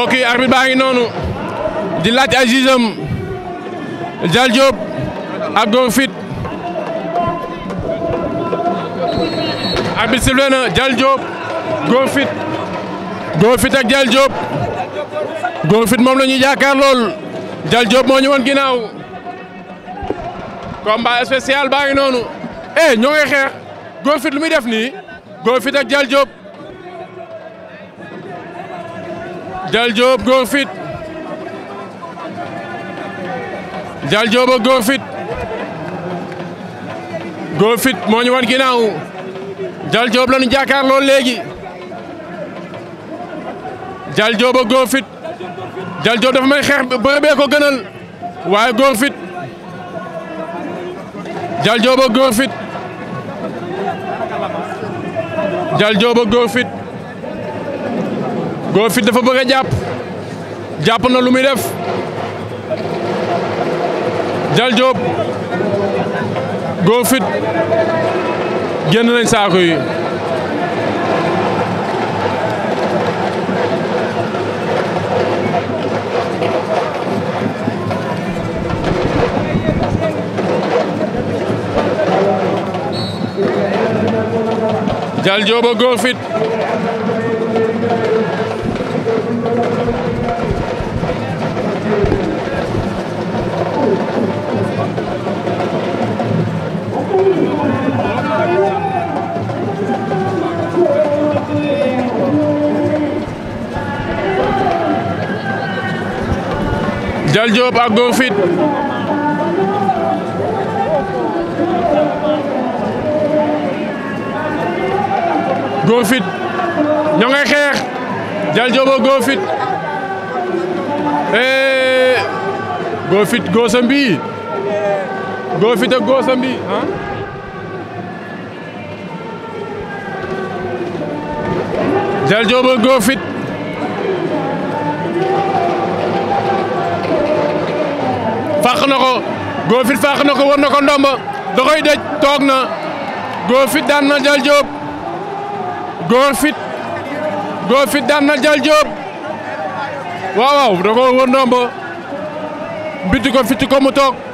mbokk yi arbitre ngi noonu di laaj ay jugeem Dial Diop ak Góor Fit arbitre sifflé na Góor Fit Góor Fit ak Dial Góor Fit moom la ñuy lool Dial Diop moo ñu woon ginnaaw combat spécial baa ngi noonu eh ñoo ngi Góor Fit lu muy def nii Góor Fit ak Dial Dial góor fit Dial Diop ak góor fit góor fit moo wan ginnaaw Dial Diop la lool léegi Dial Diop ak góor fit Dial Diop dafa xeex bërëbee ko gënal waaye góor fit Dial Diop ak góor fit Dial góor fit Go Fit dafa bëgg jàpp jàpp na lu muy def Dial Diop Go Fit génn nañ saako yi Dial Dial Diop ak Go Fit Go Fit ñoo xeex Dial Diop ak Go Fit eh Go Fit góosam bi Go Fit ak góosam fàq na ko ko war na ko ndomba da koy dëj toog na Gofit daan na Jal Diop Gofit Gofit daan na Jal Diop waaw waaw da ko war ndomba ko fitti ko mu toog.